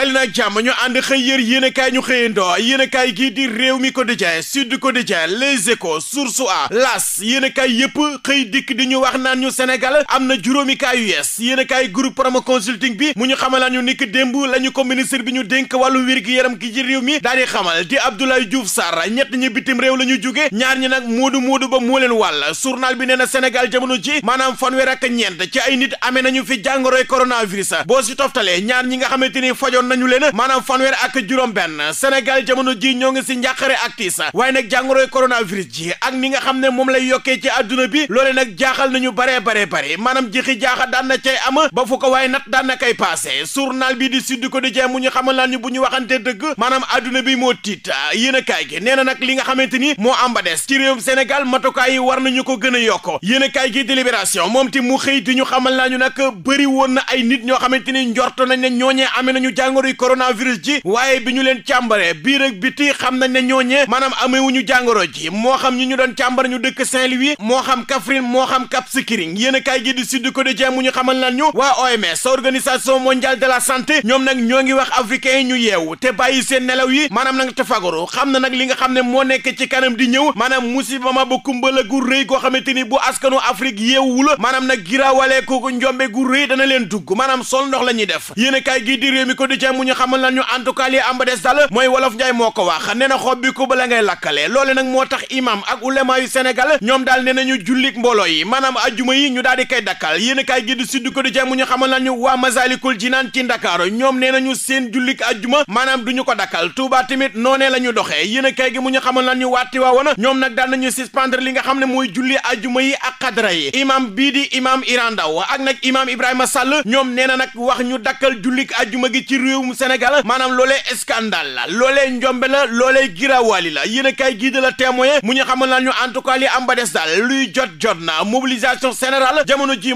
dali nag jàmm ñu ànd xëy ñu xëyandoo yéenekaay gii di réew mi quotidien sud quotidien les échos source a las yéenekaay yëpp xëy dikk di ñu wax naan ñu Sénégal am na juróomi kaa yu yees yéenekaay groupe promo consulting bi mu ñu xamalaan ñu nikk démb la ñu ko ministre bi ñu dénk wàllu wér-gi-yaram gi ci réew mi daal di xamal di Abdoulaye Diouf Sarr ñett ñi bitim la ñu jóge ñaar ñi nag moodu moodu ba moo leen wàll journal bi nee na Sénégal jamono ji maanaam fanweer ak ñeent ci ay nit amee nañu fi jàngoroy coronavirus boo si toftalee ñaar ñi nga xamante ni fajoon nañu leen maanaam fanweer ak juróom benn Sénégal jamono ji ñoo ngi si njàqare ak tiis waaye nag jàngoroy coronavirus ji ak ni nga xam ne moom lay yokkee ci àdduna bi loole nag jaaxal nañu baree baree bare maanaam jixi jaaxa daan na cay am ba fu ko waaye nat daan na kay passé journal bii di ko Sud Quotidien mu ñu xamal naa ñu bu ñu waxantee dëgg maanaam àdduna bi moo tiit yéen a kaay gi nee na nag li nga xamante ni moo am ba des ci réewum Sénégal matukaay yi war nañu ko gën a yokk yéen a kaay gi moom ti mu xëy di ñu xamal naa ñu nag bëri woon na ay nit ñoo xamante ni njort nañ ne ñooñee amee nañu jàngoro jàngoroy coronavirus ji waaye bi ñu leen càmbare biir ak biti xam nañ ne ñooñee wu ñu jàngoro ji moo xam ñu ñu doon càmbar ñu dëkk Saint-Louis moo xam Kaffrine moo xam Cap Skirring yéen a kaay gi di Sud Quotidien mu ñu xamal naan ñu waa OMS organisation mondiale de la santé ñoom nag ñoo ngi wax africain yi ñu yeewu te bàyyi seen nelaw yi maanaam nag te fagaru xam na nag li nga xam ne moo nekk ci kanam di ñëw maanaam musiba ma ba kumbala gu rëy goo xamante ni bu askanu Afrique yeewul maanaam nag giraawalee ko njombe gu rëy dana leen dugg maanaam sol ndox la ñuy def quotidien mu ñu xamal lan ñu en tout cas lii des dal mooy wolof njaay moo ko wax nee xob bi ku bala ngay lakkale loole nag moo tax imam ak ulema yu ñoom daal nee ñu jullik mbooloo yi maanaam ajuma yi ñu daal di kay dakkal yéen a kaay gi di suddu mu ñu xamal lan waa masalikul jinaan ci ndakaaru ñoom nee nañu seen jullik ajuma maanaam duñu ko dakkal tuuba tamit noonee la ñu doxee yéen a kaay gi mu ñu xamal lan ñu wàtti waa woon ñoom nag daal nañu suspendre li nga xam ne mooy ak xadra yi imam bii di imam irandaw ak na nag wax ñu dakkal jullik ajuma réewum Sénégal maanaam loolee scandale la loolee njombe la loolee girawaali la yéen a kaay gii de la témoin mu ñu xamal naa tout cas li am ba des daal luy jot jot na mobilisation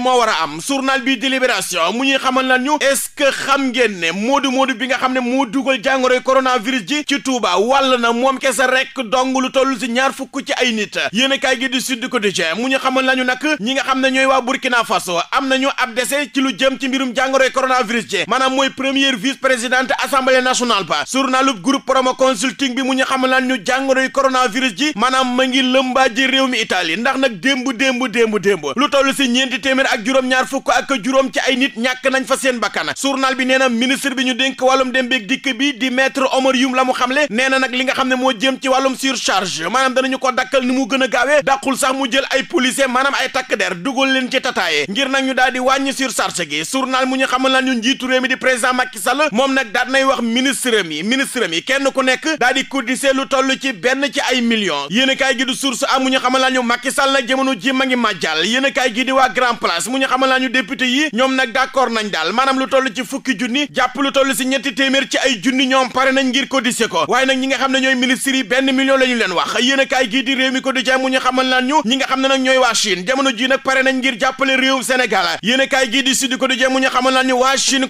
moo war a am journal bi délibération mu ñuy xamal naa ñu est-ce xam ngeen ne moodu moodu bi nga xam ne moo dugal jàngoroy coronavirus ji ci Touba wàll na moom kese rek dong lu toll si ñaar fukk ci ay nit yéen a kaay gi di Sud Quotidien mu ñu nag ñi nga xam ne ñooy waa Burkina Faso am nañu ab dese ci lu jëm ci mbirum jàngoroy coronavirus ji maanaam mooy premier vice présidente assemblée nationale ba surnal groupe promo consulting bi mu ñu xamal naan ñu jàngoroy coronavirus ji maanaam ma ngi lëmbaaji réew mi Italie ndax nag démb démb démb démb lu toll si ñeenti téeméer ak juróom-ñaar fukk ak juróom ci ay nit ñàkk nañ fa seen bakkan journal bi nee na ministre bi ñu dénk wàllum dem beeg dikk bi di maître Omar Youm la mu xamle nee na nag li nga xam ne moo jëm ci wàllum surcharge maanaam danañu ko dakkal ni mu gën a gaawee dàqul sax mu jël ay policier maanaam ay takk der dugal leen ci tataaye ngir nag ñu daal di wàññi surcharge gi journal mu ñu xamal naan ñu njiitu réew mi di président Macky Sall moom nag daal nay wax ministre mi ministre mi kenn ku nekk daal di cotiser lu toll ci benn ci ay millions yéen kaay gi di source am mu ñu xamal laa ñu Macky Sall ji ma ngi màjjal yéen kaay gi di waa Grand Place mu ñu xamal laa ñu yi ñoom nag d'accord nañ daal maanaam lu toll ci fukki junni jàpp lu toll si ñetti téeméer ci ay junni ñoom pare nañ ngir cotiser ko waaye nag ñi nga xam na ñooy ministres yi benn million la ñu leen wax yéen kaay gi di réew mi ñi nga xam ne nag ñooy waa Chine jamono ji nag pare nañ ngir jàppale réewum Sénégal yéen kaay gi di sud ko di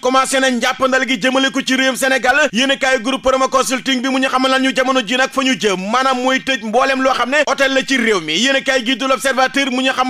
commencé nañ jàppandal gi jëmale ko ci réewum Sénégal yéen a kaay groupe Promo Consulting bi mu ñu xamal ñu jamono ne hôtel la ci réew mi yéen a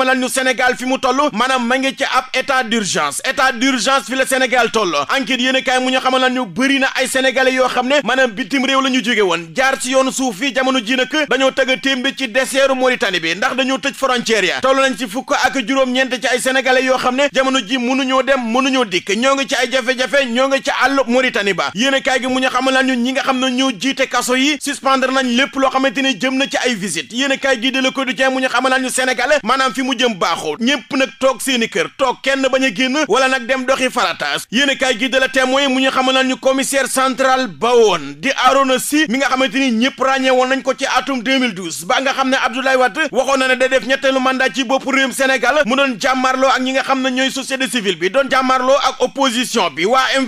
maanaam ma ngi ci ab état d'urgence état d'urgence fi la Sénégal toll enquête yéen a kaay mu ñu xamal ñu bëri na ay sénégalais yoo xam ne maanaam bitim réew la jóge woon jaar ci yoonu suuf fii jamono ji nag dañoo tëgg témbe ci deseeru Mauritanie bi ndax dañoo tëj frontière ya toll nañ ci fukk ak juróom-ñeent ci ay sénégalais yoo xam ne jamono ji mënuñoo dem mënuñoo dikk ñoo ngi ci ay jafe-jafe ñoo ngi ci àll Mauritanie ba yéen kaay gi mu ñu xamal ñu ñi nga xam ne ñoo jiite kaso yi suspendre nañ lépp loo xamante ni jëm na ci ay visite yéen kaay gi de Le Quotidien mu ñu xamal ñu Sénégal maanaam fi mu jëm baaxul ñëpp nag toog seeni kër toog kenn bañ a génn wala nag dem doxi farataas yéen kaay gi de La Témoin mu ñu xamal ñu commissaire central bawoon di Arona Sy mi nga xamante ni ñëpp ràññee woon nañ ko ci atum 2012 ba nga xam ne Abdoulaye Wade waxoon na ne day def ñetteelu mandat ci bopp réewum Sénégal mu nga xam ne ñooy société civile bi doon jàmmarloo ak opposition bi waa m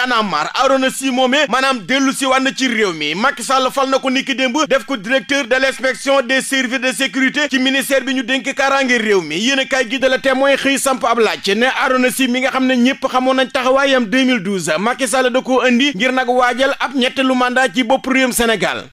Y'en a marre Arona Sy moomee maanaam dellu si wànn ci réew mi Macky Sall fal na ko niki démb def ko directeur de l'inspection des services de sécurité ci ministère bi ñu dénk kaaraange réew mi yéen a kaay gi da la témoin xëy samp ab laaj ne Arona mi nga xam ne ñëpp xamoon nañ taxawaayam 2012 Macky Sall da koo indi ngir nag waajal ab ñetteelu mandat ci bopp réewum Sénégal